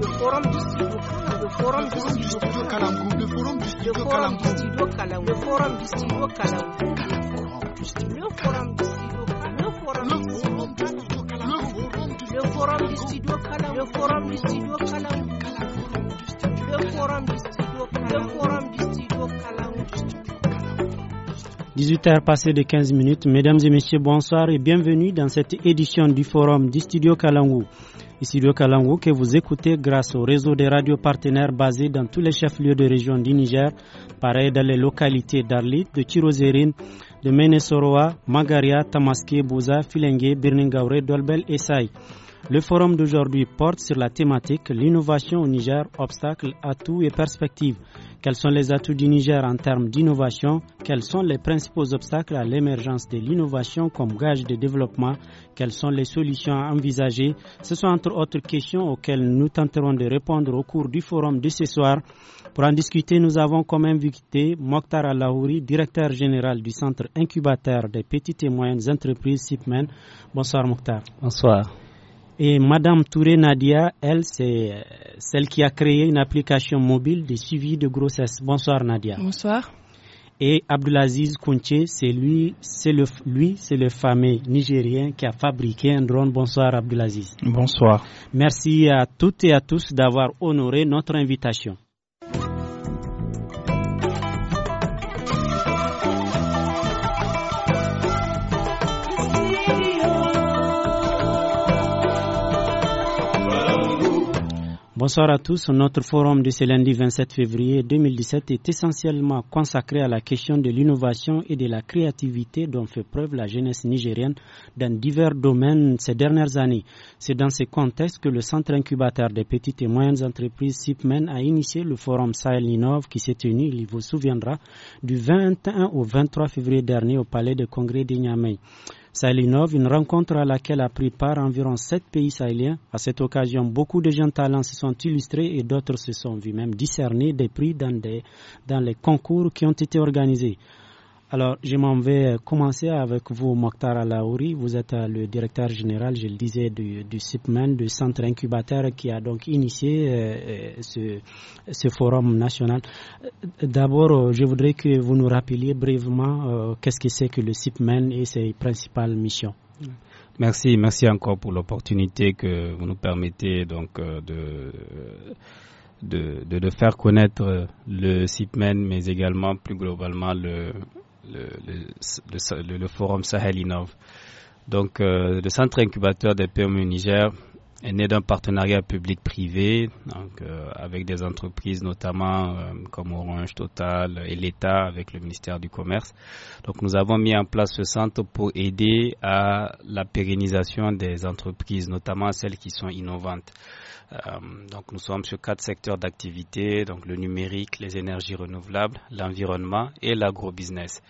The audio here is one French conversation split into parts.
le forum du studio le forum du studio Kalamkou le forum du studio Kalamkou le forum du studio Kalamkou le forum du studio Kalamkou le forum du studio Kalamkou le forum du studio Kalamkou le forum du studio Kalamkou le forum du studio Kalamkou 18h passées de 15 minutes. Mesdames et messieurs, bonsoir et bienvenue dans cette édition du forum du studio Kalangou. Ici Dokalango que vous écoutez grâce au réseau des radios partenaires basés dans tous les chefs-lieux de région du Niger, pareil dans les localités d'Arlit, de Tirozérine, de Menesoroa, Magaria, Tamaské, Bouza, Filengue, Birningaure, Dolbel et Saï. Le forum d'aujourd'hui porte sur la thématique L'innovation au Niger, obstacles, atouts et perspectives. Quels sont les atouts du Niger en termes d'innovation Quels sont les principaux obstacles à l'émergence de l'innovation comme gage de développement Quelles sont les solutions à envisager Ce sont entre autres questions auxquelles nous tenterons de répondre au cours du forum de ce soir. Pour en discuter, nous avons comme invité Mokhtar Alahouri, directeur général du centre incubateur des petites et moyennes entreprises SIPMEN. Bonsoir Mokhtar. Bonsoir. Et Madame Touré Nadia, elle, c'est euh, celle qui a créé une application mobile de suivi de grossesse. Bonsoir Nadia. Bonsoir. Et Abdulaziz Kounche, c'est lui, c'est le, lui, c'est le fameux Nigérien qui a fabriqué un drone. Bonsoir Abdulaziz. Bonsoir. Merci à toutes et à tous d'avoir honoré notre invitation. Bonsoir à tous. Notre forum de ce lundi 27 février 2017 est essentiellement consacré à la question de l'innovation et de la créativité dont fait preuve la jeunesse nigérienne dans divers domaines ces dernières années. C'est dans ce contexte que le Centre incubateur des petites et moyennes entreprises SIPMEN a initié le forum Sahel Innov qui s'est tenu, il vous souviendra, du 21 au 23 février dernier au Palais de Congrès Niamey. Sahelinov, une rencontre à laquelle a pris part environ sept pays sahéliens. À cette occasion, beaucoup de jeunes talents se sont illustrés et d'autres se sont vus même discerner des prix dans, dans les concours qui ont été organisés. Alors, je m'en vais euh, commencer avec vous, Mokhtar Alaouri. Vous êtes euh, le directeur général, je le disais, du, du CIPMEN, du centre incubateur qui a donc initié euh, ce, forum national. D'abord, je voudrais que vous nous rappeliez brièvement qu'est-ce que c'est que le CIPMEN et ses principales missions. Merci, merci encore pour l'opportunité que vous nous permettez donc de. De, faire connaître le CIPMEN, mais également plus globalement le, le, le, le forum Sahel Innov. Donc, euh, le centre incubateur des PME Niger est né d'un partenariat public-privé euh, avec des entreprises notamment euh, comme Orange, Total et l'État avec le ministère du Commerce. Donc, nous avons mis en place ce centre pour aider à la pérennisation des entreprises, notamment celles qui sont innovantes. Euh, donc nous sommes sur quatre secteurs d'activité, donc le numérique, les énergies renouvelables, l'environnement et l'agrobusiness.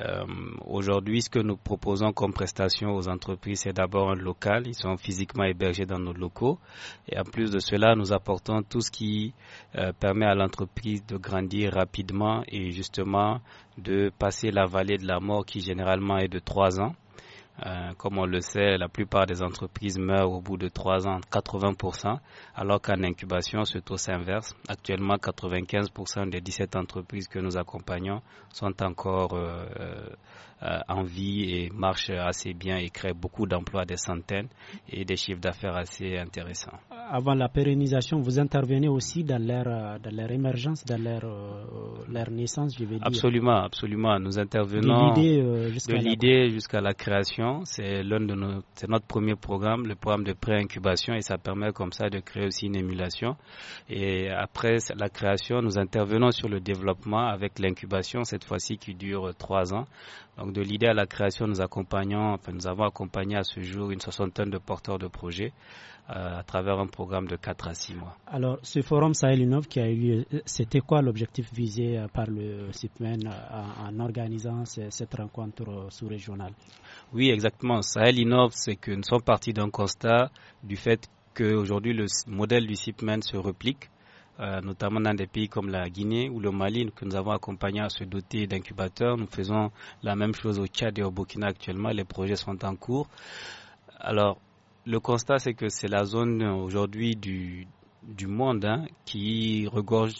Euh, Aujourd'hui, ce que nous proposons comme prestation aux entreprises, c'est d'abord un local. Ils sont physiquement hébergés dans nos locaux. Et en plus de cela, nous apportons tout ce qui euh, permet à l'entreprise de grandir rapidement et justement de passer la vallée de la mort qui généralement est de trois ans euh, comme on le sait, la plupart des entreprises meurent au bout de trois ans, 80%, alors qu'en incubation, ce taux s'inverse. Actuellement, 95% des 17 entreprises que nous accompagnons sont encore euh, euh, euh, en vie et marche assez bien et crée beaucoup d'emplois, des centaines et des chiffres d'affaires assez intéressants. Avant la pérennisation, vous intervenez aussi dans leur, émergence, dans leur, naissance, je vais dire. Absolument, absolument. Nous intervenons euh, de l'idée jusqu'à la... création. C'est l'un de nos, notre premier programme, le programme de pré-incubation et ça permet comme ça de créer aussi une émulation. Et après la création, nous intervenons sur le développement avec l'incubation, cette fois-ci qui dure trois ans. Donc de l'idée à la création, nous accompagnons, nous avons accompagné à ce jour une soixantaine de porteurs de projets euh, à travers un programme de 4 à 6 mois. Alors ce forum Sahel Innov qui a eu lieu, euh, c'était quoi l'objectif visé euh, par le CIPMEN en, organisant cette rencontre sous-régionale Oui, exactement. Sahel Innov, c'est que nous sommes partis d'un constat du fait qu'aujourd'hui le modèle du CIPMEN se replique euh, notamment dans des pays comme la Guinée ou le Mali, que nous avons accompagné à se doter d'incubateurs. Nous faisons la même chose au Tchad et au Burkina actuellement. Les projets sont en cours. Alors, le constat, c'est que c'est la zone euh, aujourd'hui du, du monde hein, qui regorge,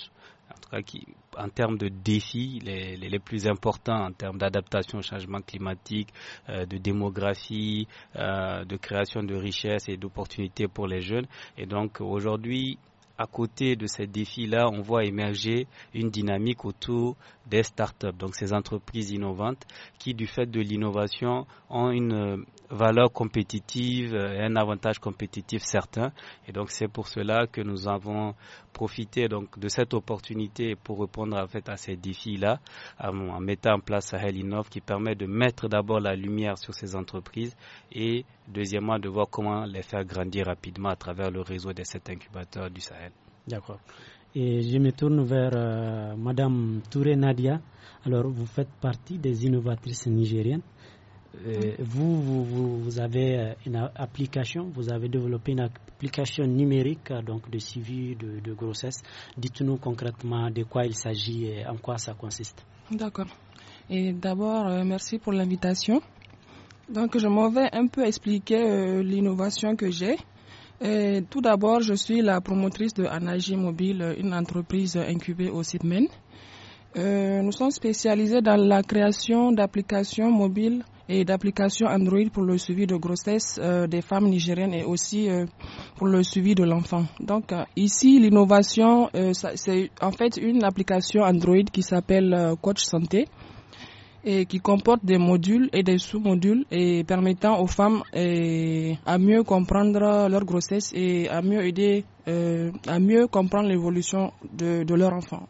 en tout cas qui, en termes de défis les, les, plus importants, en termes d'adaptation au changement climatique, euh, de démographie, de création de richesses et d'opportunités pour les jeunes. Et donc aujourd'hui, à côté de ces défis-là, on voit émerger une dynamique autour des startups, donc ces entreprises innovantes qui, du fait de l'innovation, ont une euh, valeur compétitive, euh, un avantage compétitif certain. Et donc c'est pour cela que nous avons profiter donc de cette opportunité pour répondre en fait à ces défis-là en mettant en place Sahel Innov qui permet de mettre d'abord la lumière sur ces entreprises et deuxièmement de voir comment les faire grandir rapidement à travers le réseau de cet incubateur du Sahel. D'accord. Et je me tourne vers Mme euh, Madame Touré Nadia. Alors, vous faites partie des innovatrices nigériennes. Euh, vous, vous, avez euh, une application, vous avez développé une application numérique euh, donc de suivi de, de grossesse. Dites-nous concrètement de quoi il s'agit et en quoi ça consiste. D'accord. Et d'abord, merci pour l'invitation. Donc, je m'en vais un peu expliquer l'innovation que j'ai. Tout d'abord, je suis la promotrice de Anagi Mobile, une entreprise incubée au Euh, nous sommes spécialisés dans la création d'applications mobiles et d'applications Android pour le suivi de grossesse euh, des femmes nigériennes et aussi euh, pour le suivi de l'enfant. Donc euh, ici, l'innovation, c'est en fait une application Android qui s'appelle Coach Santé et qui comporte des modules et des sous-modules et permettant aux femmes à mieux comprendre leur grossesse et à mieux aider, à mieux comprendre l'évolution de, de, leur enfant.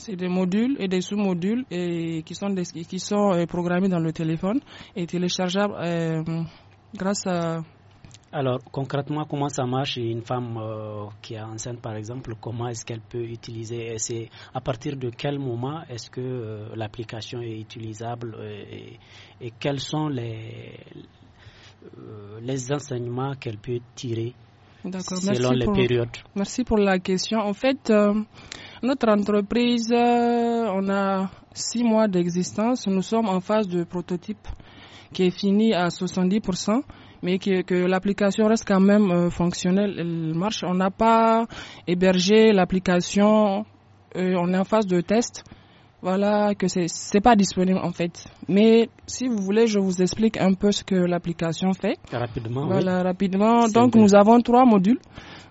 C'est des modules et des sous-modules qui sont, qui sont euh, programmés dans le téléphone et téléchargeables euh, grâce à... Alors concrètement, comment ça marche une femme euh, qui est enceinte par exemple Comment est-ce qu'elle peut utiliser C'est à partir de quel moment est-ce que l'application est utilisable et, quels sont les les enseignements qu'elle peut tirer selon les périodes Merci pour la question. En fait notre entreprise, euh, on a six mois d'existence. Nous sommes en phase de prototype qui est fini à 70%, mais que, l'application reste quand même euh, fonctionnelle, elle marche. On n'a pas hébergé l'application, euh, on est en phase de test. Voilà, que c'est pas disponible en fait. Mais si vous voulez, je vous explique un peu ce que l'application fait. Rapidement. Voilà, rapidement. Donc nous avons trois modules.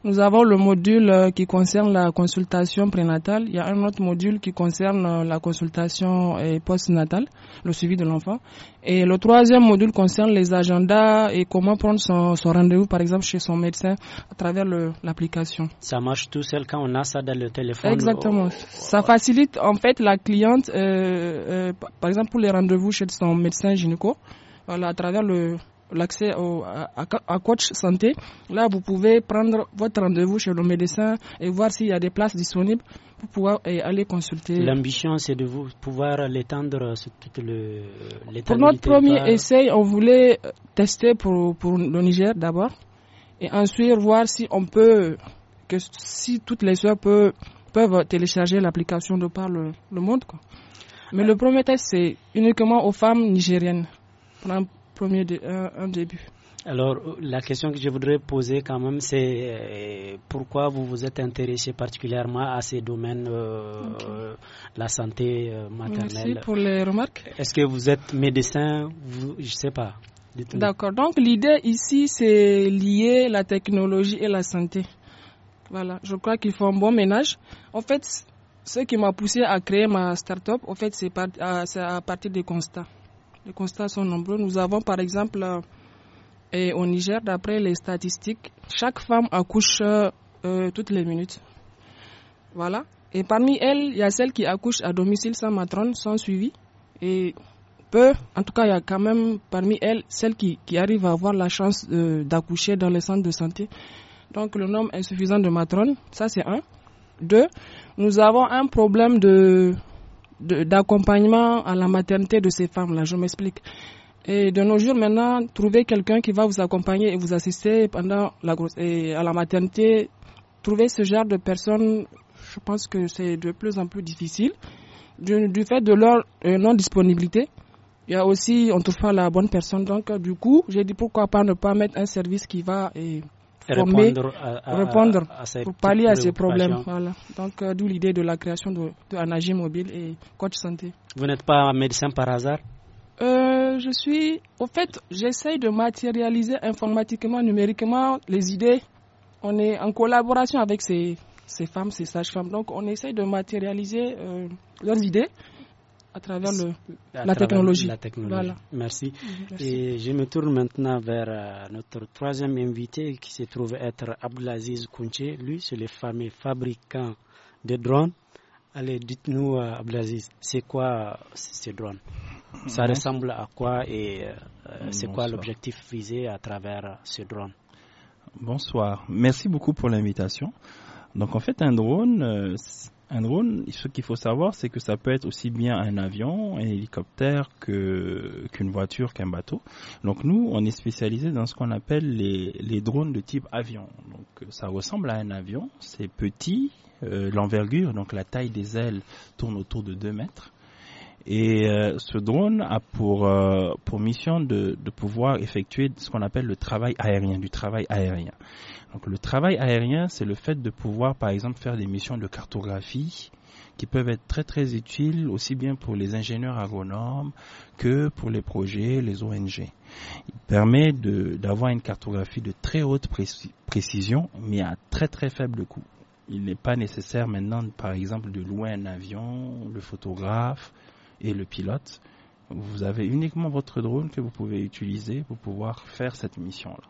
Nous avons le module euh, qui concerne la consultation prénatale. Il y a un autre module qui concerne euh, la consultation euh, postnatale, le suivi de l'enfant. Et le troisième module concerne les agendas et comment prendre son, rendez-vous, par exemple, chez son médecin à travers l'application. Ça marche tout seul quand on a ça dans le téléphone. Exactement. Oh, ça facilite en fait la clientèle euh, euh, par exemple pour les rendez-vous chez son médecin gynéco, à travers le, l'accès à, à, coach santé. Là, vous pouvez prendre votre rendez-vous chez le médecin et voir s'il y a des places disponibles pour pouvoir euh, aller consulter. L'ambition, c'est de vous pouvoir l'étendre sur toute le. Pour notre premier essai, on voulait tester pour, le Niger d'abord et ensuite voir si on peut, que si toutes les soeurs peuvent peuvent télécharger l'application de par le, monde. Quoi. Mais le premier test, c'est uniquement aux femmes nigériennes, pour un, premier euh, un, début. Alors, euh, la question que je voudrais poser quand même, c'est euh, pourquoi vous vous êtes intéressé particulièrement à ces domaines, la santé maternelle. Merci pour les remarques. Est-ce que vous êtes médecin Je ne sais pas. D'accord. Donc, l'idée ici, c'est lier la technologie et la santé. Voilà, je crois qu'ils font un bon ménage. En fait, ce qui m'a poussé à créer ma start-up, en fait, c'est euh, à, partir des constats. Les constats sont nombreux. Nous avons, par exemple, euh, et au Niger, d'après les statistiques, chaque femme accouche euh, toutes les minutes. Voilà. Et parmi elles, il y a celles qui accouchent à domicile sans matrone, sans suivi. Et peu, en tout cas, il y a quand même parmi elles celles qui, arrivent à avoir la chance d'accoucher dans les centres de santé donc le nombre insuffisant de matrones, ça c'est un. Deux, nous avons un problème de d'accompagnement à la maternité de ces femmes-là, je m'explique. Et de nos jours maintenant, trouver quelqu'un qui va vous accompagner et vous assister pendant la et à la maternité, trouver ce genre de personnes, je pense que c'est de plus en plus difficile. Du, fait de leur euh, non-disponibilité, il y a aussi, on trouve pas la bonne personne. Donc, du coup, j'ai dit pourquoi pas ne pas mettre un service qui va et pour répondre euh, à, pour pallier à ces problèmes. Voilà. Donc, euh, d'où l'idée de la création de, Mobile et Coach Santé. Vous n'êtes pas médecin par hasard euh, Je suis. Au fait, j'essaye de matérialiser informatiquement, numériquement les idées. On est en collaboration avec ces, ces femmes, ces sages-femmes. Donc, on essaye de matérialiser leurs idées à travers la, technologie. la technologie. Voilà. Merci. Et je me tourne maintenant vers euh, notre troisième invité qui se trouve être Abdelaziz Kounché. Lui, c'est le fameux fabricant de drones. Allez, dites-nous, euh, Abdelaziz, c'est quoi euh, ce drone Ça ressemble à quoi et c'est quoi l'objectif visé à travers ce drone Bonsoir. Merci beaucoup pour l'invitation. Donc en fait, un drone, un drone, ce qu'il faut savoir, c'est que ça peut être aussi bien un avion, un hélicoptère que qu'une voiture, qu'un bateau. Donc nous, on est spécialisé dans ce qu'on appelle les, les drones de type avion. Donc euh, ça ressemble à un avion, c'est petit, euh, l'envergure, donc la taille des ailes tourne autour de 2 mètres. Et euh, ce drone a pour, pour mission de, de pouvoir effectuer ce qu'on appelle le travail aérien, du travail aérien. Donc le travail aérien, c'est le fait de pouvoir, par exemple, faire des missions de cartographie qui peuvent être très très utiles aussi bien pour les ingénieurs agronomes que pour les projets, les ONG. Il permet d'avoir une cartographie de très haute précision, mais à très très faible coût. Il n'est pas nécessaire maintenant, par exemple, de louer un avion, le photographe et le pilote. Vous avez uniquement votre drone que vous pouvez utiliser pour pouvoir faire cette mission-là.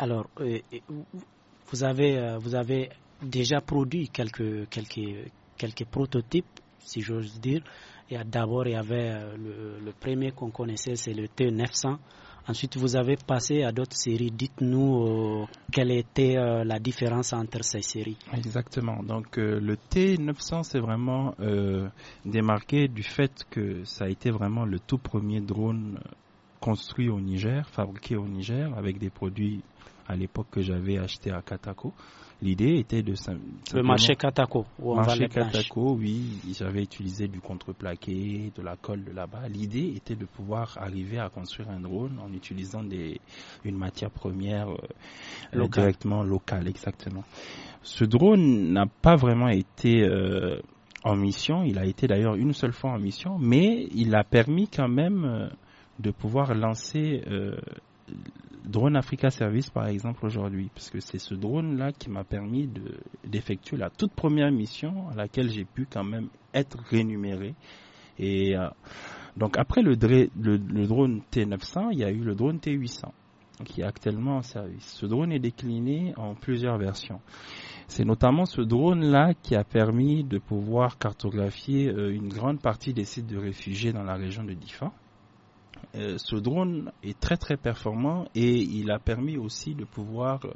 Alors, euh, euh, vous, avez, euh, vous avez déjà produit quelques, quelques, prototypes, si j'ose dire. D'abord, il y avait le, premier qu'on connaissait, c'est le T900. Ensuite, vous avez passé à d'autres séries. Dites-nous quelle était la différence entre ces séries. Exactement. Donc, le T900 c'est vraiment démarqué du fait que ça a été vraiment le tout premier drone construit au Niger, fabriqué au Niger, avec des produits à l'époque que j'avais acheté à Katako. L'idée était de le marché Katako. Le marché Katako, oui, j'avais utilisé du contreplaqué, de la colle de là-bas. L'idée était de pouvoir arriver à construire un drone en utilisant des une matière première euh, directement locale, exactement. Ce drone n'a pas vraiment été euh, en mission. Il a été d'ailleurs une seule fois en mission, mais il a permis quand même euh, de pouvoir lancer Drone Africa Service, par exemple, aujourd'hui, parce que c'est ce drone-là qui m'a permis d'effectuer la toute première mission à laquelle j'ai pu quand même être rémunéré. Et euh, donc après le, le drone T900, il y a eu le drone T800 qui est actuellement en service. Ce drone est décliné en plusieurs versions. C'est notamment ce drone-là qui a permis de pouvoir cartographier euh, une grande partie des sites de réfugiés dans la région de Difa euh, ce drone est très très performant et il a permis aussi de pouvoir euh,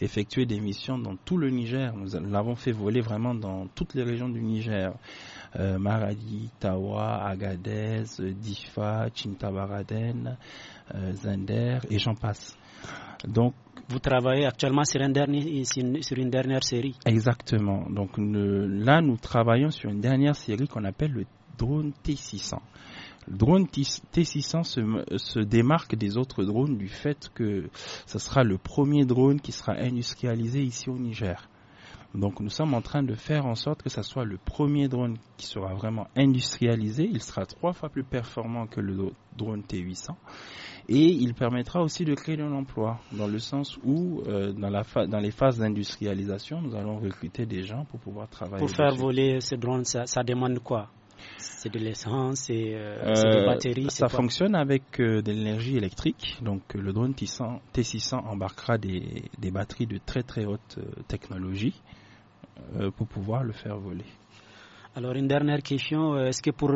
effectuer des missions dans tout le Niger. Nous l'avons fait voler vraiment dans toutes les régions du Niger. Euh, Maradi, Tawa, Agadez, Difa, Chintabaraden, Zender et j'en passe. Donc, vous travaillez actuellement sur, sur une dernière série. Exactement. Donc là, nous travaillons sur une dernière série qu'on appelle le drone T600. Le drone T600 se, démarque des autres drones du fait que ce sera le premier drone qui sera industrialisé ici au Niger. Donc nous sommes en train de faire en sorte que ce soit le premier drone qui sera vraiment industrialisé. Il sera trois fois plus performant que le drone T800 et il permettra aussi de créer de l'emploi dans le sens où euh, dans, les phases d'industrialisation, nous allons recruter des gens pour pouvoir travailler. Pour faire voler ce drone, ça demande quoi c'est de l'essence, c'est euh, euh, des batteries. Ça fonctionne avec euh, de l'énergie électrique. Donc le drone T600, embarquera des, batteries de très très haute technologie pour pouvoir le faire voler. Alors une dernière question, est-ce que pour,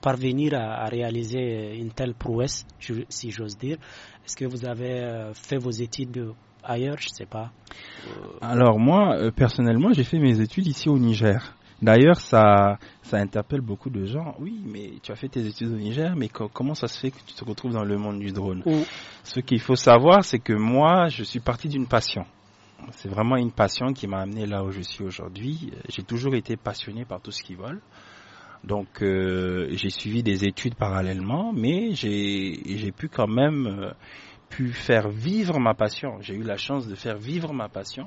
parvenir à, à, réaliser une telle prouesse, si j'ose dire, est-ce que vous avez fait vos études ailleurs, je ne sais pas Alors moi, personnellement, j'ai fait mes études ici au Niger. D'ailleurs, ça, ça interpelle beaucoup de gens. Oui, mais tu as fait tes études au Niger, mais comment ça se fait que tu te retrouves dans le monde du drone Ce qu'il faut savoir, c'est que moi, je suis parti d'une passion. C'est vraiment une passion qui m'a amené là où je suis aujourd'hui. J'ai toujours été passionné par tout ce qui vole. Donc euh, j'ai suivi des études parallèlement, mais j'ai pu quand même euh, pu faire vivre ma passion. J'ai eu la chance de faire vivre ma passion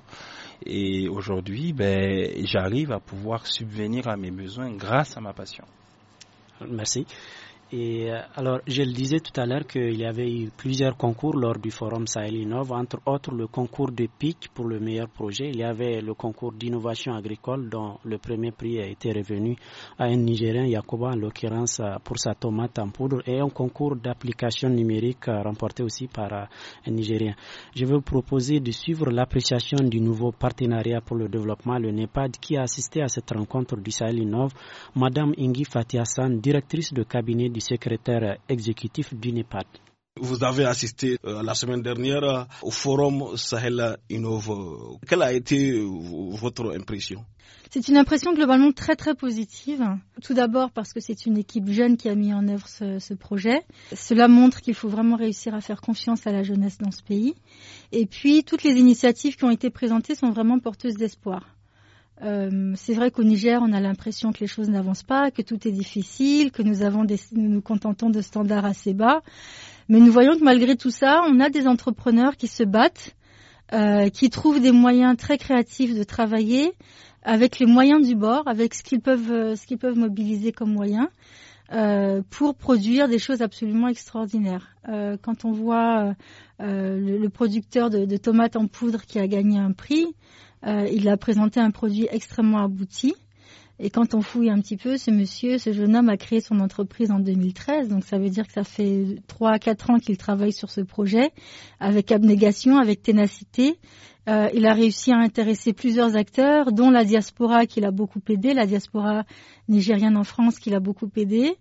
et aujourd'hui, ben, j'arrive à pouvoir subvenir à mes besoins grâce à ma passion. Merci. Et euh, alors, je le disais tout à l'heure qu'il y avait eu plusieurs concours lors du forum Sahel Innov, entre autres le concours de PIC pour le meilleur projet. Il y avait le concours d'innovation agricole dont le premier prix a été revenu à un Nigérien, Yakoba, en l'occurrence euh, pour sa tomate en poudre, et un concours d'application numérique euh, remporté aussi par un Nigérien. Je veux vous proposer de suivre l'appréciation du nouveau partenariat pour le développement, le NEPAD, qui a assisté à cette rencontre du Sahel Innov, Madame Ingi Fatiassan, directrice de cabinet du secrétaire exécutif du NEPAD. Vous avez assisté euh, la semaine dernière euh, au forum Sahel Innove. Quelle a été votre impression C'est une impression globalement très très positive. Tout d'abord parce que c'est une équipe jeune qui a mis en œuvre ce projet. Cela montre qu'il faut vraiment réussir à faire confiance à la jeunesse dans ce pays. Et puis toutes les initiatives qui ont été présentées sont vraiment porteuses d'espoir. Euh, c'est vrai qu'au Niger, on a l'impression que les choses n'avancent pas, que tout est difficile, que nous, avons des, nous nous contentons de standards assez bas. Mais nous voyons que malgré tout ça, on a des entrepreneurs qui se battent, euh, qui trouvent des moyens très créatifs de travailler avec les moyens du bord, avec ce qu'ils peuvent, euh, ce qu'ils peuvent mobiliser comme moyens. Euh, pour produire des choses absolument extraordinaires. Euh, quand on voit euh, euh le, producteur de, de, tomates en poudre qui a gagné un prix, euh, il a présenté un produit extrêmement abouti. Et quand on fouille un petit peu, ce monsieur, ce jeune homme a créé son entreprise en 2013. Donc ça veut dire que ça fait trois à quatre ans qu'il travaille sur ce projet avec abnégation, avec ténacité. Euh, il a réussi à intéresser plusieurs acteurs, dont la diaspora qui l'a beaucoup aidé, la diaspora nigérienne en France qui l'a beaucoup aidé.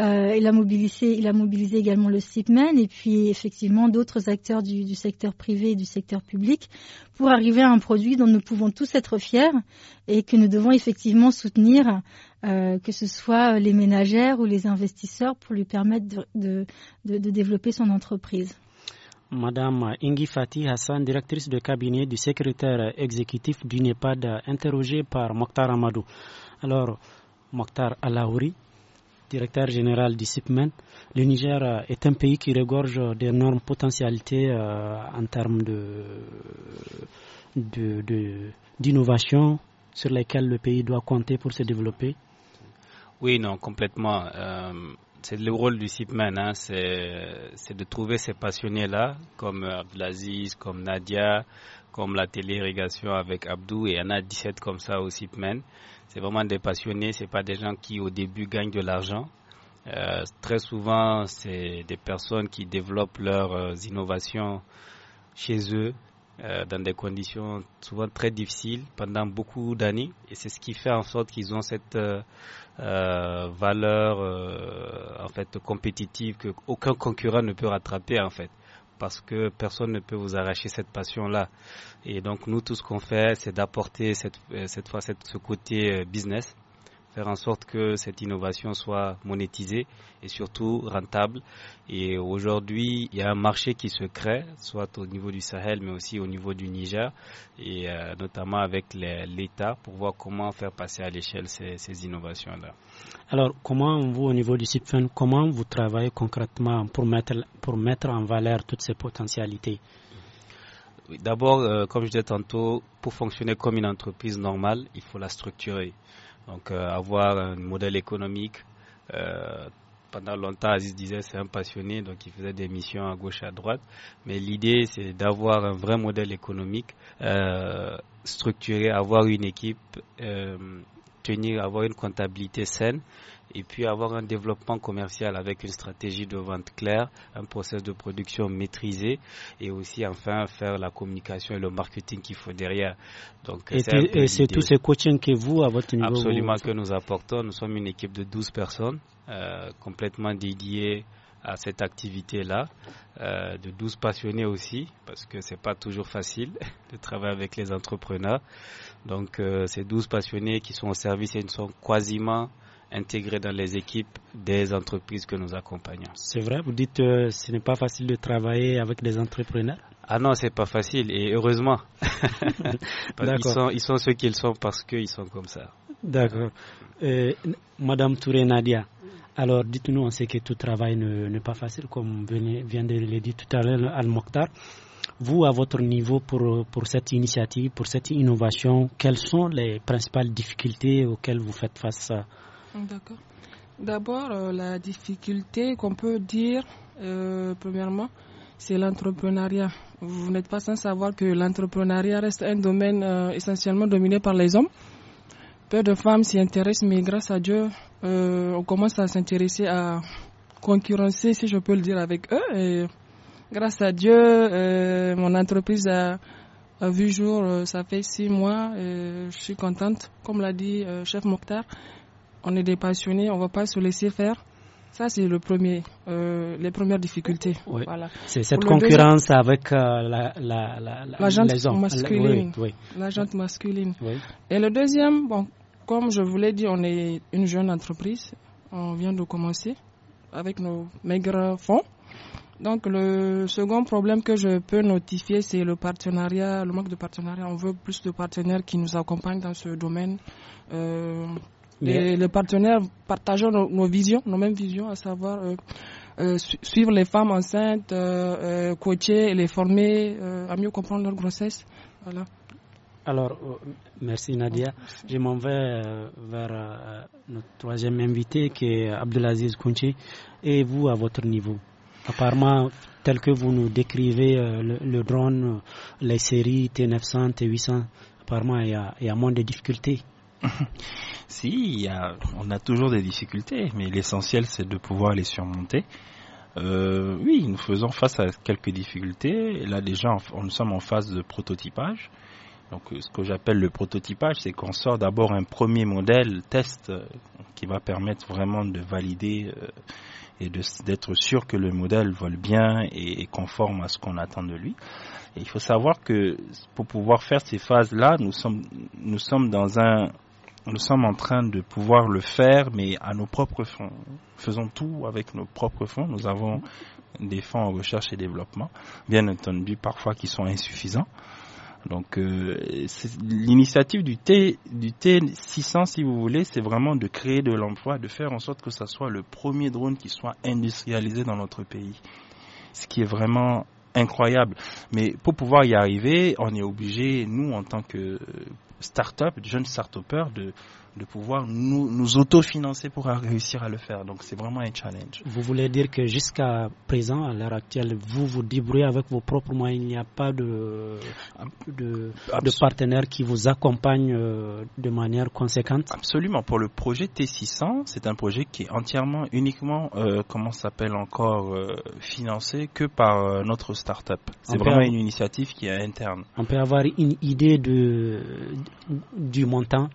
Euh, il, a mobilisé, il a mobilisé également le SIPMEN et puis effectivement d'autres acteurs du, secteur privé et du secteur public pour arriver à un produit dont nous pouvons tous être fiers et que nous devons effectivement soutenir, euh, que ce soit les ménagères ou les investisseurs pour lui permettre de développer son entreprise. Madame Ingi Fati Hassan, directrice de cabinet du secrétaire exécutif du NEPAD, interrogée par Mokhtar Amadou. Alors, Mokhtar Alahouri, directeur général du CIPMEN, le Niger est un pays qui regorge d'énormes potentialités euh, en termes d'innovation sur lesquelles le pays doit compter pour se développer. Oui, non, complètement. Euh, c'est le rôle du SIPMAN, hein, c'est de trouver ces passionnés-là, comme Abdelaziz, comme Nadia, comme la télé-irrigation avec Abdou, et il y en a 17 comme ça au SIPMAN. C'est vraiment des passionnés, c'est pas des gens qui au début gagnent de l'argent. Euh, très souvent, c'est des personnes qui développent leurs euh, innovations chez eux, euh, dans des conditions souvent très difficiles pendant beaucoup d'années. Et c'est ce qui fait en sorte qu'ils ont cette euh, euh valeur euh, en fait compétitive qu'aucun concurrent ne peut rattraper en fait parce que personne ne peut vous arracher cette passion-là. Et donc nous, tout ce qu'on fait, c'est d'apporter cette, cette fois ce côté business faire en sorte que cette innovation soit monétisée et surtout rentable. Et aujourd'hui, il y a un marché qui se crée, soit au niveau du Sahel, mais aussi au niveau du Niger, et euh, notamment avec l'État pour voir comment faire passer à l'échelle ces, innovations-là. Alors, comment vous, au niveau du CIPFEN, comment vous travaillez concrètement pour mettre, pour mettre en valeur toutes ces potentialités D'abord, euh, comme je disais tantôt, pour fonctionner comme une entreprise normale, il faut la structurer. Donc euh, avoir un modèle économique. Euh, pendant longtemps, Aziz disait c'est un passionné, donc il faisait des missions à gauche et à droite. Mais l'idée, c'est d'avoir un vrai modèle économique euh, structuré, avoir une équipe, tenir, avoir une comptabilité saine et puis avoir un développement commercial avec une stratégie de vente claire, un process de production maîtrisé et aussi enfin faire la communication et le marketing qu'il faut derrière. Donc, et c'est tout ce coaching que vous, à votre niveau Absolument, que nous apportons. Nous sommes une équipe de 12 personnes euh, complètement dédiées à cette activité-là, euh, de 12 passionnés aussi, parce que c'est pas toujours facile de travailler avec les entrepreneurs. Donc, euh, ces 12 passionnés qui sont au service et ne sont quasiment intégrés dans les équipes des entreprises que nous accompagnons. C'est vrai, vous dites que euh, ce n'est pas facile de travailler avec des entrepreneurs Ah non, n'est pas facile et heureusement. ils, sont, ils sont qu'ils sont parce qu'ils sont comme ça. D'accord. Euh, Madame Touré Nadia, alors dites-nous, on sait que tout travail n'est pas facile, comme vient de le dire tout à l'heure Al-Mokhtar. Vous, à votre niveau, pour, pour cette initiative, pour cette innovation, quelles sont les principales difficultés auxquelles vous faites face euh, ah, d'accord. D'abord, euh, la difficulté qu'on peut dire, euh, premièrement, c'est l'entrepreneuriat. Vous n'êtes pas sans savoir que l'entrepreneuriat reste un domaine euh, essentiellement dominé par les hommes. Peu de femmes s'y intéressent, mais grâce à Dieu, on commence à s'intéresser à concurrencer, si je peux le dire, avec eux. grâce à Dieu, mon entreprise a, a vu jour, ça fait six mois, je suis contente. Comme l'a dit chef Mokhtar, on est des passionnés, on ne va pas se laisser faire. Ça, c'est euh, les premières difficultés. C'est cette concurrence avec la, masculine. masculine. Et le deuxième, bon, comme je vous l'ai dit, on est une jeune entreprise. On vient de commencer avec nos maigres fonds. Donc, le second problème que je peux notifier, c'est le partenariat, le manque de partenariat. On veut plus de partenaires qui nous accompagnent dans ce domaine. Euh, les, partenaires partageons nos, visions, nos mêmes visions, à savoir euh, euh, suivre les femmes enceintes, euh, euh coacher, les former à mieux comprendre leur grossesse. Voilà. Alors, merci Nadia. Oh, Je m'en vais vers notre troisième invité qui est Abdelaziz Kounchi. Et vous, à votre niveau Apparemment, tel que vous nous décrivez le, le, drone, les séries T900, T800, apparemment, il y il y a moins de difficultés. Si, on a toujours des difficultés, mais l'essentiel c'est de pouvoir les surmonter. Euh, oui, nous faisons face à quelques difficultés. Là déjà, on, nous sommes en phase de prototypage. Donc euh, ce que j'appelle le prototypage, c'est qu'on sort d'abord un premier modèle test euh, qui va permettre vraiment de valider euh, et d'être sûr que le modèle vole bien et est conforme à ce qu'on attend de lui. Et il faut savoir que pour pouvoir faire ces phases-là, nous sommes, nous sommes dans un nous sommes en train de pouvoir le faire, mais à nos propres fonds. Faisons tout avec nos propres fonds. Nous avons des fonds en recherche et développement, bien entendu, parfois qui sont insuffisants. Donc, euh, l'initiative du, T, du T600, si vous voulez, c'est vraiment de créer de l'emploi, de faire en sorte que ce soit le premier drone qui soit industrialisé dans notre pays. Ce qui est vraiment incroyable. Mais pour pouvoir y arriver, on est obligé, nous, en tant que euh, start-up, jeunes start-upers, de de pouvoir nous, nous autofinancer pour réussir à le faire. Donc c'est vraiment un challenge. Vous voulez dire que jusqu'à présent, à l'heure actuelle, vous vous débrouillez avec vos propres moyens, il n'y a pas de, de, de partenaire qui vous accompagne euh, de manière conséquente Absolument. Pour le projet T600, c'est un projet qui est entièrement, uniquement, euh, comment s'appelle encore, euh, financé que par notre start-up. C'est vraiment une initiative qui est interne. On peut avoir une idée de, du montant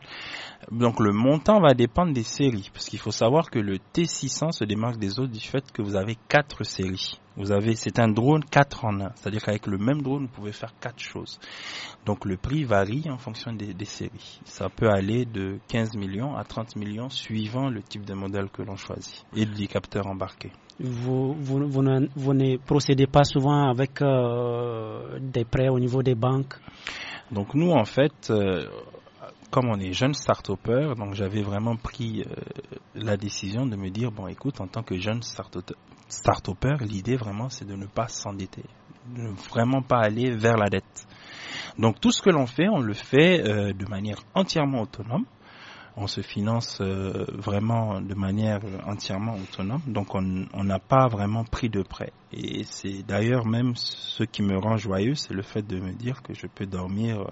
donc le montant va dépendre des séries, parce qu'il faut savoir que le T600 se démarque des autres du fait que vous avez quatre séries. Vous avez, c'est un drone 4 en 1, c'est-à-dire qu'avec le même drone, vous pouvez faire quatre choses. Donc le prix varie en fonction des, séries. Ça peut aller de 15 millions à 30 millions suivant le type de modèle que l'on choisit et les capteurs embarqués. Vous, vous, ne, procédez pas souvent avec euh, des prêts au niveau des banques Donc nous, en fait, euh, comme on est jeune start donc j'avais vraiment pris euh, la décision de me dire, bon écoute, en tant que jeune start l'idée vraiment c'est de ne pas s'endetter, de ne vraiment pas aller vers la dette. Donc tout ce que l'on fait, on le fait euh, de manière entièrement autonome, on se finance euh, vraiment de manière entièrement autonome. Donc on n'a pas vraiment pris de prêt. Et c'est d'ailleurs même ce qui me rend joyeux, c'est le fait de me dire que je peux dormir euh,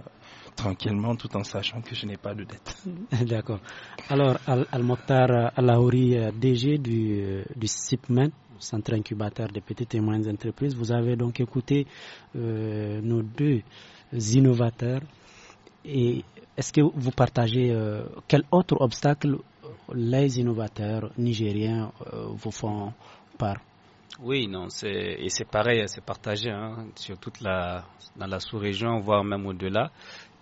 tranquillement tout en sachant que je n'ai pas de dette. D'accord. Alors Al-Mokhtar euh, Alaouri, DG du, du CIPMEN, Centre Incubateur des Petites et Moyennes Entreprises, vous avez donc écouté nos deux innovateurs et est-ce que vous partagez euh, quel autre obstacle les innovateurs nigériens euh, vous font part Oui, non, et c'est pareil, hein, c'est partagé hein, sur toute la, dans la sous-région, voire même au-delà.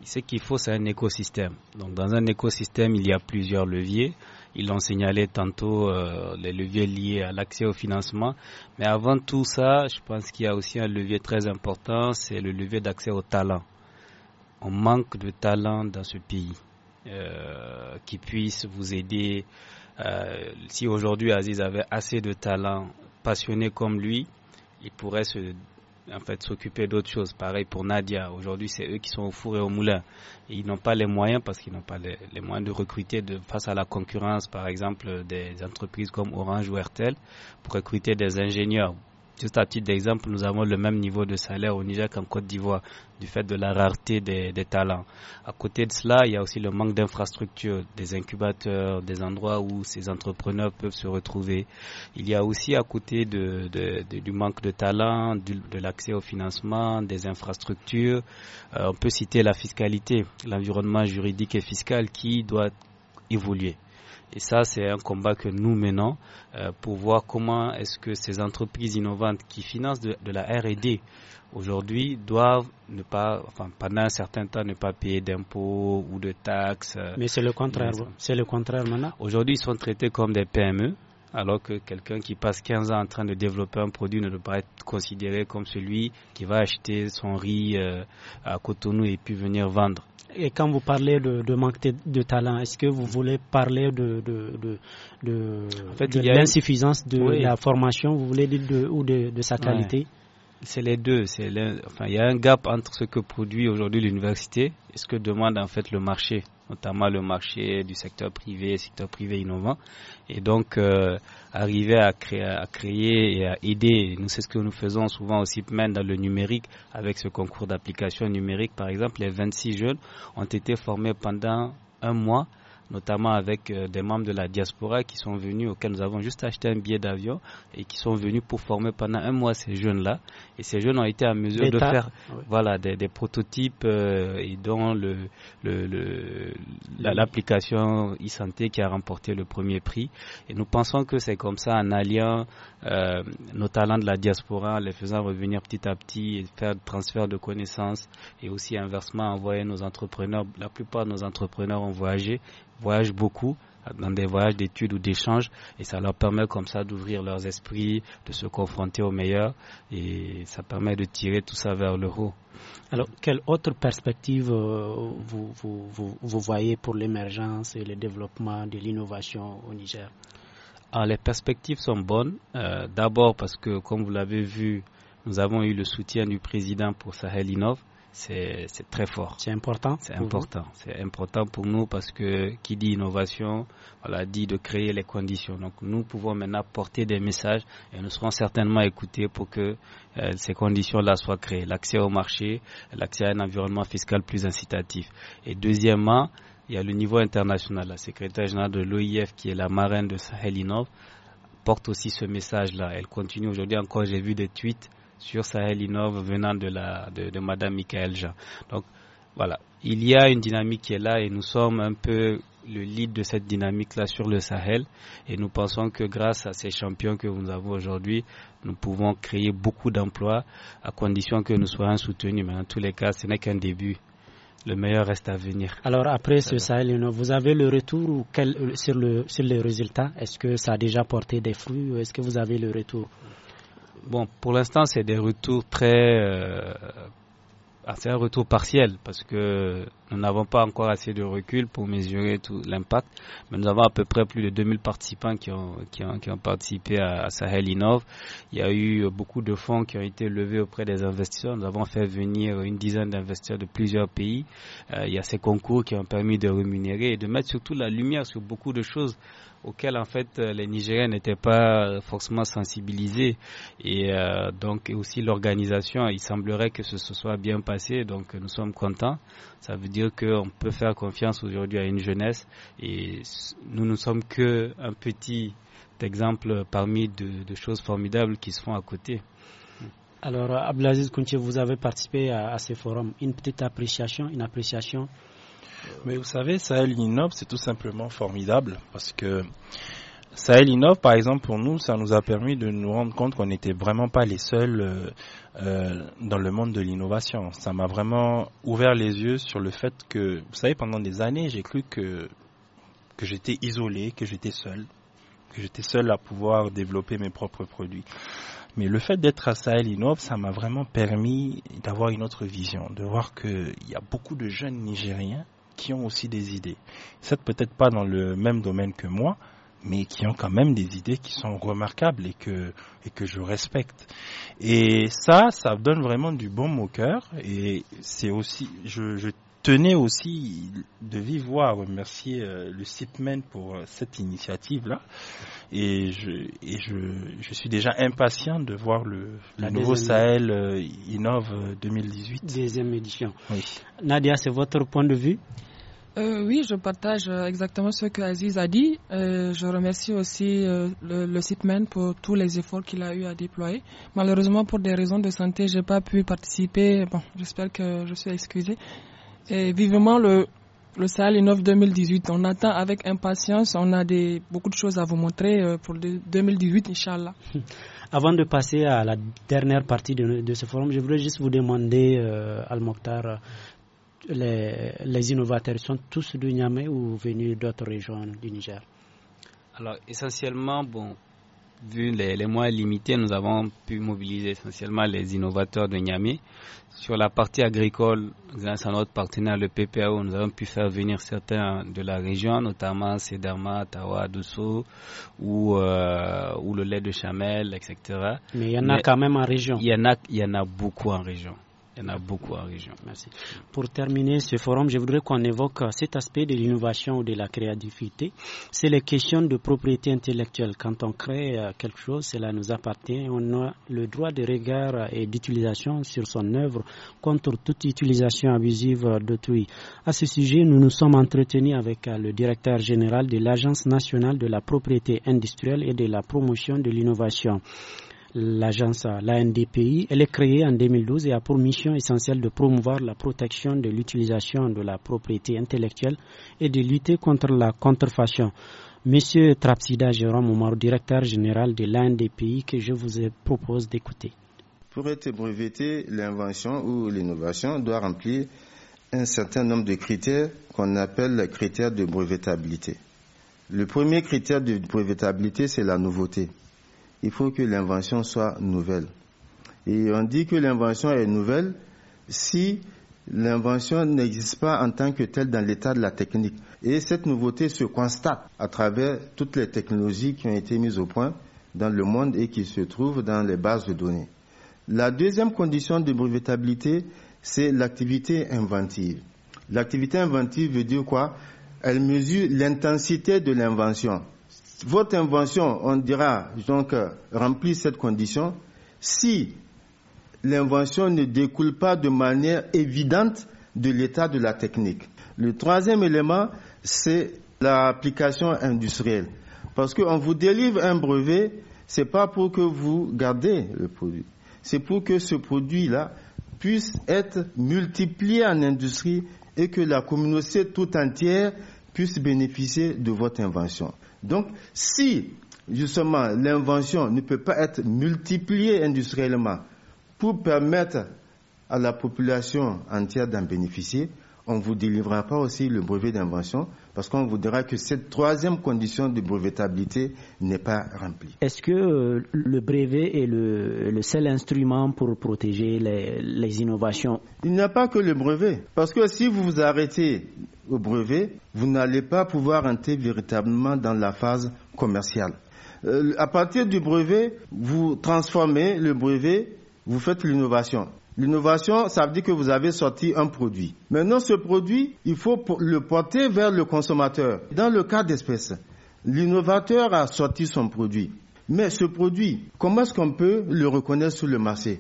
Ce qu'il faut, c'est un écosystème. Donc, dans un écosystème, il y a plusieurs leviers. Ils l'ont signalé tantôt, euh, les leviers liés à l'accès au financement. Mais avant tout ça, je pense qu'il y a aussi un levier très important, c'est le levier d'accès au talent on manque de talent dans ce pays euh, qui puisse vous aider. Euh, si aujourd'hui Aziz avait assez de talents passionnés comme lui, il pourrait se en fait s'occuper d'autres choses. Pareil pour Nadia. Aujourd'hui, c'est eux qui sont au four et au moulin. ils n'ont pas les moyens parce qu'ils n'ont pas les, moyens de recruter de, face à la concurrence, par exemple, des entreprises comme Orange ou Airtel pour recruter des ingénieurs. Juste à titre d'exemple, nous avons le même niveau de salaire au Niger qu'en Côte d'Ivoire, du fait de la rareté des, talents. À côté de cela, il y a aussi le manque d'infrastructures, des incubateurs, des endroits où ces entrepreneurs peuvent se retrouver. Il y a aussi à côté du manque de talents, de l'accès au financement, des infrastructures. Euh, on peut citer la fiscalité, l'environnement juridique et fiscal qui doit évoluer. Et ça, c'est un combat que nous menons euh, pour voir comment est-ce que ces entreprises innovantes qui financent de, de la R&D aujourd'hui doivent ne pas, enfin, pendant un certain temps, ne pas payer d'impôts ou de taxes. Mais c'est le contraire. C'est le contraire maintenant. Aujourd'hui, ils sont traités comme des PME alors que quelqu'un qui passe 15 ans en train de développer un produit ne doit pas être considéré comme celui qui va acheter son riz euh, à Cotonou et puis venir vendre. Et quand vous parlez de, manque de, talent, est-ce que vous voulez parler de, de, l'insuffisance de la formation, vous voulez dire de, ou de, sa qualité C'est les deux. il y a un gap entre ce que produit aujourd'hui l'université et ce que demande en fait le marché notamment le marché du secteur privé, secteur privé innovant. Et donc, euh, arriver à créer, à créer, et à aider, nous c'est ce que nous faisons souvent aussi même dans le numérique, avec ce concours d'application numérique, par exemple, les 26 jeunes ont été formés pendant un mois notamment avec euh, des membres de la diaspora qui sont venus, auxquels nous avons juste acheté un billet d'avion et qui sont venus pour former pendant un mois ces jeunes-là. Et ces jeunes ont été en mesure de faire voilà, des, prototypes euh, et dont l'application le, le, e-santé qui a remporté le premier prix. Et nous pensons que c'est comme ça, en alliant euh, nos talents de la diaspora, en les faisant revenir petit à petit et faire transfert de connaissances et aussi inversement envoyer nos entrepreneurs, la plupart de nos entrepreneurs ont voyagé voyagent beaucoup dans des voyages d'études ou d'échanges et ça leur permet comme ça d'ouvrir leurs esprits, de se confronter au meilleur et ça permet de tirer tout ça vers le haut. Alors, quelle autre perspective euh, vous, vous, vous, voyez pour l'émergence et le développement de l'innovation au Niger ah, Les perspectives sont bonnes. Euh, d'abord parce que, comme vous l'avez vu, nous avons eu le soutien du président pour Sahel Innov c'est très fort. C'est important. C'est important. C'est important pour nous parce que qui dit innovation, voilà, dit de créer les conditions. Donc nous pouvons maintenant porter des messages et nous serons certainement écoutés pour que euh, ces conditions-là soient créées. L'accès au marché, l'accès à un environnement fiscal plus incitatif. Et deuxièmement, il y a le niveau international. La secrétaire générale de l'OIF qui est la marraine de Sahelinov porte aussi ce message-là. Elle continue aujourd'hui encore, j'ai vu des tweets sur Sahel Innov venant de, la, de, Madame Michael Jean. Donc voilà, il y a une dynamique qui est là et nous sommes un peu le lead de cette dynamique-là sur le Sahel. Et nous pensons que grâce à ces champions que nous avons aujourd'hui, nous pouvons créer beaucoup d'emplois à condition que nous soyons soutenus. Mais en tous les cas, ce n'est qu'un début. Le meilleur reste à venir. Alors après ce Sahel, vous avez le retour euh, sur, le, sur les résultats Est-ce que ça a déjà porté des fruits ou est-ce que vous avez le retour Bon, pour l'instant, c'est des retours très. Euh, ah, c'est un retour partiel parce que nous n'avons pas encore assez de recul pour mesurer tout l'impact. Mais nous avons à peu près plus de 2000 participants qui ont, qui ont, participé à, Sahel Innov. Il y a eu beaucoup de fonds qui ont été levés auprès des investisseurs. Nous avons fait venir une dizaine d'investisseurs de plusieurs pays. Euh, il y a ces concours qui ont permis de rémunérer et de mettre surtout la lumière sur beaucoup de choses auxquels en fait euh, les Nigériens n'étaient pas euh, forcément sensibilisés et euh, donc aussi l'organisation il semblerait que ce, soit bien passé donc nous sommes contents ça veut dire qu'on peut faire confiance aujourd'hui à une jeunesse et nous ne sommes que un petit exemple parmi de, choses formidables qui se font à côté. Alors, Abdelaziz Kounche, vous avez participé à, à, ce forum. Une petite appréciation, une appréciation mais vous savez, Sahel Innov, c'est tout simplement formidable parce que Sahel Innov, par exemple, pour nous, ça nous a permis de nous rendre compte qu'on n'était vraiment pas les seuls euh, euh, dans le monde de l'innovation. Ça m'a vraiment ouvert les yeux sur le fait que, vous savez, pendant des années, j'ai cru que, que j'étais isolé, que j'étais seul, que j'étais seul à pouvoir développer mes propres produits. Mais le fait d'être à Sahel Innov, ça m'a vraiment permis d'avoir une autre vision, de voir qu'il y a beaucoup de jeunes Nigériens qui ont aussi des idées. C'est peut-être pas dans le même domaine que moi, mais qui ont quand même des idées qui sont remarquables et que, je respecte. Et ça, ça donne vraiment du bon au cœur. Et c'est aussi, je, tenais aussi de vivre à remercier euh, le CIPMEN pour euh, cette initiative-là. Et, je, et je, suis déjà impatient de voir le, nouveau Sahel 2018. Euh, deuxième édition. Nadia, c'est votre point de vue euh, oui, je partage euh, exactement ce que Aziz a dit. Euh, je remercie aussi le, le pour tous les efforts qu'il a eu à déployer. Malheureusement, pour des raisons de santé, je n'ai pas pu participer. Bon, j'espère que je suis excusée. vivement le, le Sahel Innov 2018. On attend avec impatience. On a des, beaucoup de choses à vous montrer pour 2018, Inch'Allah. Avant de passer à la dernière partie de, de, ce forum, je voulais juste vous demander, Al-Mokhtar, les, innovateurs sont tous du Niamey ou venus d'autres régions du Niger Alors, essentiellement, bon, vu les, les, moyens limités, nous avons pu mobiliser essentiellement les innovateurs de Niamey. Sur la partie agricole, grâce à notre partenaire, le PPAO, nous avons pu faire venir certains de la région, notamment Sedama, Tawa, Dosso, euh, ou, le lait de Chamel, etc. Mais il y en a quand même en région. Il y en a, il y en a beaucoup en région. Il y en a beaucoup en région. Merci. Pour terminer ce forum, je voudrais qu'on évoque euh, cet aspect de l'innovation ou de la créativité. C'est les questions de propriété intellectuelle. Quand on crée euh, quelque chose, cela nous appartient. On a le droit de regard euh, et d'utilisation sur son œuvre contre toute utilisation abusive d'autrui. À ce sujet, nous nous sommes entretenus avec le directeur général de l'Agence nationale de la propriété industrielle et de la promotion de l'innovation l'agence, l'ANDPI, elle est créée en 2012 et a pour mission essentielle de promouvoir la protection de l'utilisation de la propriété intellectuelle et de lutter contre la contrefaçon. Monsieur Trapsida Jérôme Omar, directeur général de l'ANDPI, que je vous propose d'écouter. Pour être breveté, l'invention ou l'innovation doit remplir un certain nombre de critères qu'on appelle les critères de brevetabilité. Le premier critère de brevetabilité, c'est la nouveauté il faut que l'invention soit nouvelle. Et on dit que l'invention est nouvelle si l'invention n'existe pas en tant que telle dans l'état de la technique. Et cette nouveauté se constate à travers toutes les technologies qui ont été mises au point dans le monde et qui se trouvent dans les bases de données. La deuxième condition de brevetabilité, c'est l'activité inventive. L'activité inventive veut dire quoi Elle mesure l'intensité de l'invention votre invention, on dira, donc, remplit cette condition si l'invention ne découle pas de manière évidente de l'état de la technique. Le troisième élément, c'est l'application industrielle. Parce qu'on vous délivre un brevet, c'est pas pour que vous gardez le produit. C'est pour que ce produit-là puisse être multiplié en industrie et que la communauté tout entière puisse bénéficier de votre invention. Donc, si justement l'invention ne peut pas être multipliée industriellement pour permettre à la population entière d'en bénéficier, on ne vous délivrera pas aussi le brevet d'invention parce qu'on vous dira que cette troisième condition de brevetabilité n'est pas remplie. Est-ce que euh, le brevet est le, seul instrument pour protéger les, innovations Il n'y a pas que le brevet. Parce que si vous vous arrêtez au brevet, vous n'allez pas pouvoir entrer véritablement dans la phase commerciale. Euh, à partir du brevet, vous transformez le brevet, vous faites l'innovation. L'innovation, ça veut dire que vous avez sorti un produit. Maintenant, ce produit, il faut le porter vers le consommateur. Dans le cas d'espèce, l'innovateur a sorti son produit. Mais ce produit, comment est-ce qu'on peut le reconnaître sur le marché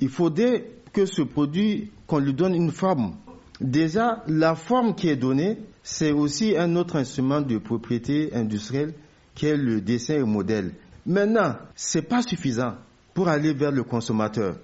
Il faudrait que ce produit, qu'on lui donne une forme. Déjà, la forme qui est donnée, c'est aussi un autre instrument de propriété industrielle qui est le dessin et le modèle. Maintenant, ce n'est pas suffisant pour aller vers le consommateur.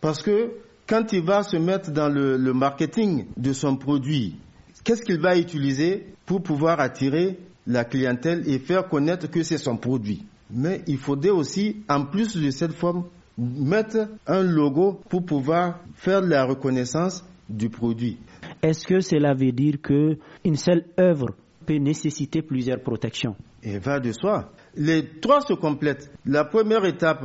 Parce que quand il va se mettre dans le, marketing de son produit, qu'est-ce qu'il va utiliser pour pouvoir attirer la clientèle et faire connaître que c'est son produit Mais il faudrait aussi, en plus de cette forme, mettre un logo pour pouvoir faire la reconnaissance du produit. Est-ce que cela veut dire qu'une seule œuvre peut nécessiter plusieurs protections Et va de soi les trois se complètent. La première étape,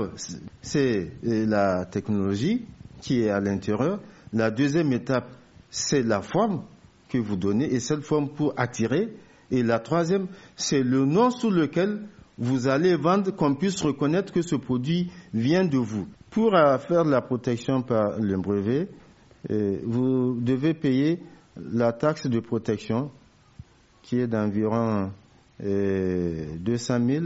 c'est euh, la technologie qui est à l'intérieur. La deuxième étape, c'est la forme que vous donnez et cette forme pour attirer. Et la troisième, c'est le nom sous lequel vous allez vendre, qu'on puisse reconnaître que ce produit vient de vous. Pour euh, faire la protection par le brevet, euh, vous devez payer la taxe de protection qui est d'environ 200 euh, 000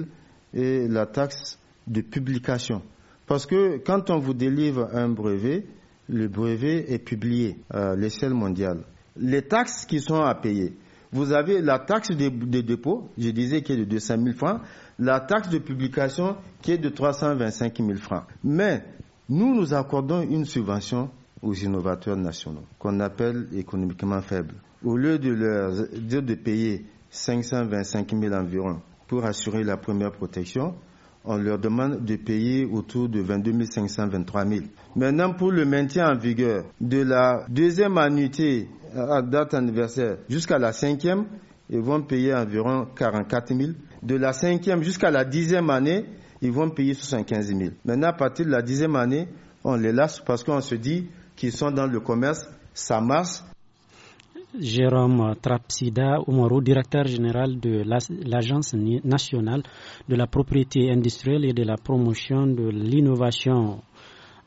et la taxe de publication. Parce que quand on vous délivre un brevet, le brevet est publié à l'échelle mondiale. Les taxes qui sont à payer, vous avez la taxe de, de, dépôt, je disais, qui est de 200 000 francs, la taxe de publication qui est de 325 000 francs. Mais nous, nous accordons une subvention aux innovateurs nationaux, qu'on appelle économiquement faibles. Au lieu de leur dire de payer 525 000 environ pour assurer la première protection. On leur demande de payer autour de 22 523 000. Maintenant, pour le maintien en vigueur de la deuxième annuité euh, à date anniversaire jusqu'à la cinquième, ils vont payer environ 44 000. De la cinquième jusqu'à la dixième année, ils vont payer 75 000. Maintenant, à partir de la dixième année, on les lasse parce qu'on se dit qu'ils sont dans le commerce, ça marche, Jérôme Trapsida Oumarou, directeur général de l'Agence nationale de la propriété industrielle et de la promotion de l'innovation.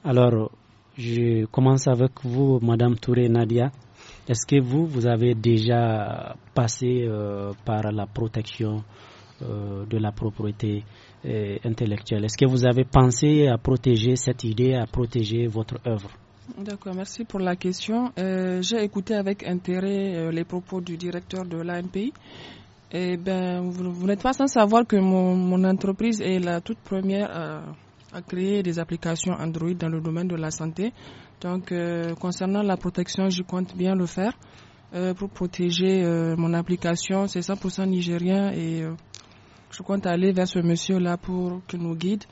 Alors, je commence avec vous, Madame Touré Nadia. Est-ce que vous, vous avez déjà passé euh, par la protection euh, de la propriété euh, intellectuelle Est-ce que vous avez pensé à protéger cette idée, à protéger votre œuvre D'accord, merci pour la question. Euh, j'ai écouté avec intérêt euh, les propos du directeur de l'ANPI. Et eh ben, vous, n'êtes pas sans savoir que mon, entreprise est la toute première euh, à, créer des applications Android dans le domaine de la santé. Donc, concernant la protection, je compte bien le faire pour protéger mon application. C'est 100% nigérien et je compte aller vers ce monsieur-là pour qu'il nous guide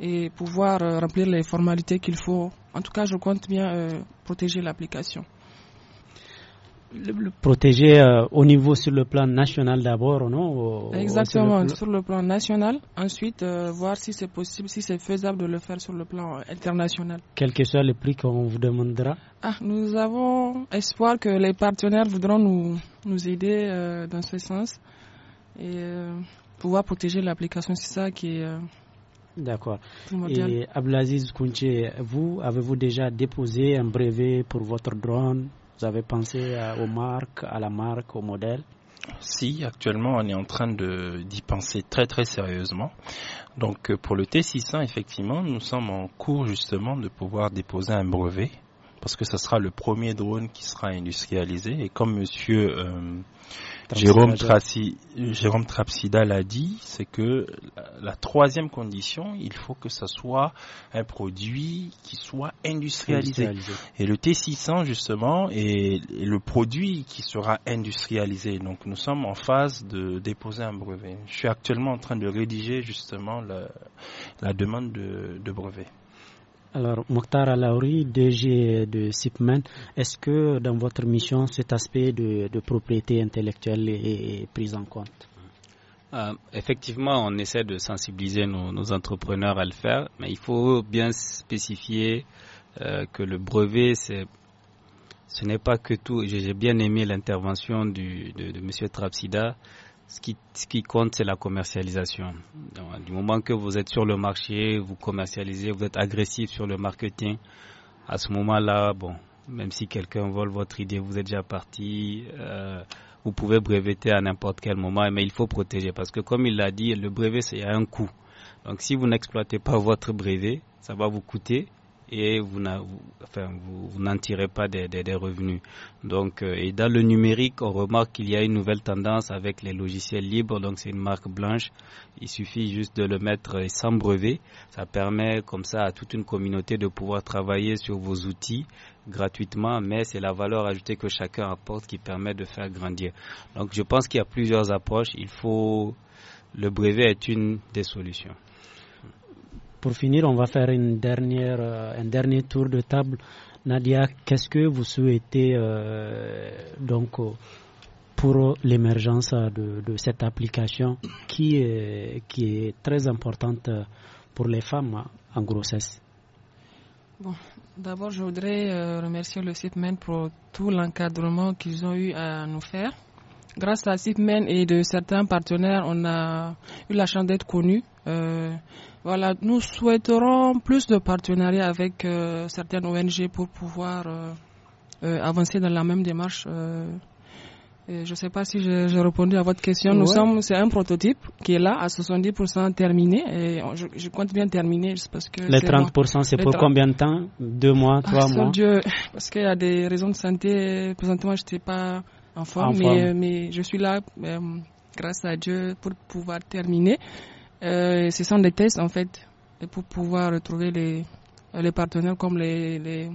et pouvoir euh, remplir les formalités qu'il faut. En tout cas, je compte bien euh, protéger l'application. protéger euh, au niveau sur le plan national d'abord, non Exactement, sur le, plan national. Ensuite, voir si c'est possible, si c'est faisable de le faire sur le plan international. Quel que soit le prix qu'on vous demandera ah, Nous avons espoir que les partenaires voudront nous, aider dans ce sens et pouvoir protéger l'application. C'est ça qui est D'accord. Et Ablaziz Kounché, vous, avez-vous déjà déposé un brevet pour votre drone Vous avez pensé aux marques, à la marque, au modèle si, actuellement, on est en train d'y penser très très sérieusement. Donc, euh, pour le T600, effectivement, nous sommes en cours justement de pouvoir déposer un brevet parce que ce sera le premier drone qui sera industrialisé. Et comme monsieur euh, Jérôme, Trapsida l'a dit, c'est que la, troisième condition, il faut que ce soit un produit qui soit industrialisé. Et le T600, justement, est, le produit qui sera industrialisé. Donc nous sommes en phase de déposer un brevet. Je suis actuellement en train de rédiger, justement, la, demande de, de brevet. Alors, Mokhtar Alaouri, DG de SIPMEN, est-ce que dans votre mission, cet aspect de, propriété intellectuelle est, pris en compte euh, Effectivement, on essaie de sensibiliser nos, entrepreneurs à le faire, mais il faut bien spécifier euh, que le brevet, ce n'est pas que tout. J'ai bien aimé l'intervention de, de M. Trapsida ce qui, qui compte, c'est la commercialisation. du moment que vous êtes sur le marché, vous commercialisez, vous êtes agressif sur le marketing, à ce moment-là, bon, même si quelqu'un vole votre idée, vous êtes déjà parti. Euh, vous pouvez breveter à n'importe quel moment, mais il faut protéger parce que, comme il l'a dit, le brevet, c'est un coût. Donc, si vous n'exploitez pas votre brevet, ça va vous coûter et vous n'en tirez pas des, revenus. Donc, euh, et dans le numérique, on remarque qu'il y a une nouvelle tendance avec les logiciels libres. Donc, c'est une marque blanche. Il suffit juste de le mettre euh, sans brevet. Ça permet comme ça à toute une communauté de pouvoir travailler sur vos outils gratuitement, mais c'est la valeur ajoutée que chacun apporte qui permet de faire grandir. Donc, je pense qu'il y a plusieurs approches. Il faut le brevet est une des solutions pour finir, on va faire une dernière, euh, un dernier tour de table. Nadia, qu'est-ce que vous souhaitez euh, donc euh, pour l'émergence de, cette application qui est, qui est très importante pour les femmes hein, en grossesse D'abord, je voudrais remercier le CIPMEN pour tout l'encadrement qu'ils ont eu à nous faire. Grâce à CIPMEN et de certains partenaires, on a eu la chance d'être connus. Voilà, nous souhaiterons plus de partenariats avec euh, certaines ONG pour pouvoir euh, euh, avancer dans la même démarche. je ne sais pas si j'ai répondu à votre question. Nous sommes, c'est un prototype qui est là à 70% terminé. Et je, compte bien terminer parce que. Les 30%, c'est pour combien de temps Deux mois, ah, trois mois Dieu, parce qu'il y a des raisons de santé. Présentement, je n'étais pas en forme, mais, je suis là, grâce à Dieu, pour pouvoir terminer. Euh, ce sont des tests en fait pour pouvoir retrouver les, partenaires comme les,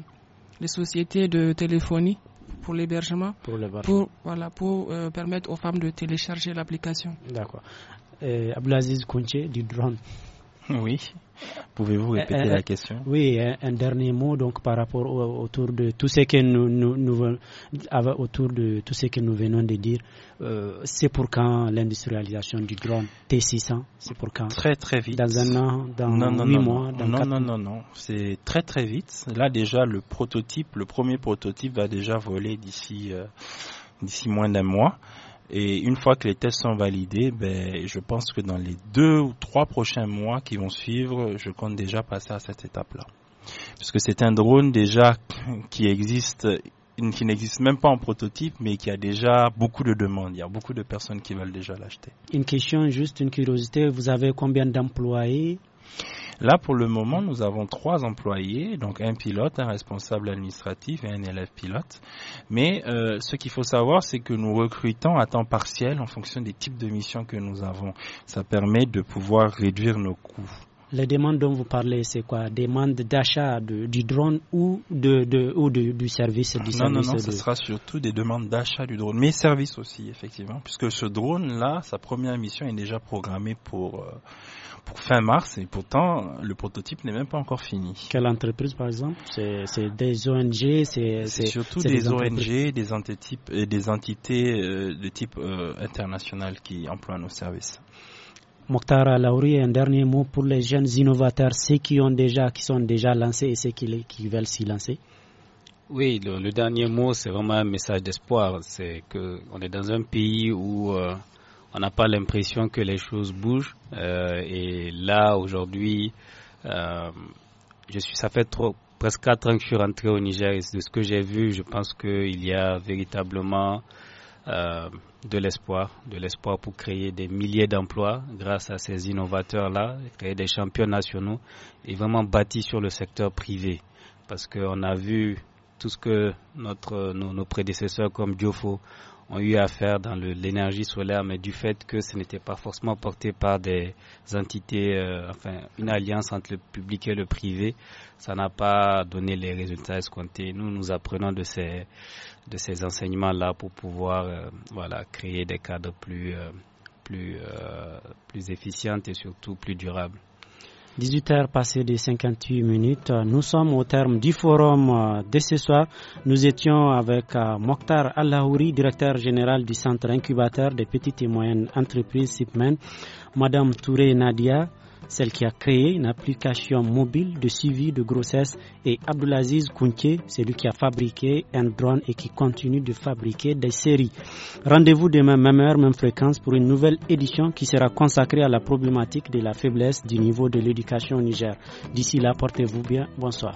sociétés de téléphonie pour l'hébergement, pour, voilà, pour euh, permettre aux femmes de télécharger l'application. D'accord. Ablaziz Kounche du drone. Oui. Pouvez-vous répéter la question Oui, un, dernier mot donc par rapport autour de tout ce que nous, nous, autour de tout ce que nous venons de dire. Euh, c'est pour quand l'industrialisation du drone T600 C'est pour Très très vite. Dans un an, dans huit mois, non, non, non, non, c'est très très vite. Là déjà le prototype, le premier prototype va déjà voler d'ici euh, d'ici moins d'un mois. Et une fois que les tests sont validés, ben, je pense que dans les deux ou trois prochains mois qui vont suivre, je compte déjà passer à cette étape-là. Parce que c'est un drone déjà qui existe qui n'existe même pas en prototype, mais qui a déjà beaucoup de demandes. Il y a beaucoup de personnes qui veulent déjà l'acheter. Une question, juste une curiosité. Vous avez combien d'employés Là, pour le moment, nous avons trois employés, donc un pilote, un responsable administratif et un élève pilote. Mais euh, ce qu'il faut savoir, c'est que nous recrutons à temps partiel en fonction des types de missions que nous avons. Ça permet de pouvoir réduire nos coûts. Les demandes dont vous parlez, c'est quoi Demande d'achat du drone ou, de, ou de, du service du Non, non, non, ce sera surtout des demandes d'achat du drone, mais service aussi, effectivement, puisque ce drone-là, sa première mission est déjà programmée pour, euh, fin mars et pourtant le prototype n'est même pas encore fini. Quelle entreprise par exemple C'est des ONG C'est surtout des, ONG, des, des entités euh, de type euh, international qui emploient nos services. Mokhtar Alaouri, un dernier mot pour les jeunes innovateurs, ceux qui, ont déjà, qui sont déjà lancés et ceux qui, veulent s'y lancer Oui, le, dernier mot, c'est vraiment un message d'espoir. C'est qu'on est dans un pays où... Euh, on n'a pas l'impression que les choses bougent. Euh, et là, aujourd'hui, euh, je suis, ça fait presque 4 ans que je suis rentré au Niger et de ce que j'ai vu, je pense qu'il y a véritablement euh, de l'espoir, de l'espoir pour créer des milliers d'emplois grâce à ces innovateurs-là, créer des champions nationaux et vraiment bâti sur le secteur privé. Parce qu'on a vu tout ce que notre, nos, nos prédécesseurs comme Diofo ont eu affaire dans l'énergie solaire, mais du fait que ce n'était pas forcément porté par des entités, euh, enfin une alliance entre le public et le privé, ça n'a pas donné les résultats escomptés. Nous, nous apprenons de ces, enseignements-là pour pouvoir euh, créer des cadres plus, efficaces euh, plus et surtout plus durables. 18h passées de 58 minutes. Nous sommes au terme du forum euh, de ce soir. Nous étions avec euh, Mokhtar Allahouri, directeur général du centre incubateur des petites et moyennes entreprises SIPMEN, Madame Touré Nadia, celle qui a créé une application mobile de suivi de grossesse, et Abdulaziz c'est celui qui a fabriqué un drone et qui continue de fabriquer des séries. Rendez-vous demain, même heure, même fréquence, pour une nouvelle édition qui sera consacrée à la problématique de la faiblesse du niveau de l'éducation au Niger. D'ici là, portez-vous bien. Bonsoir.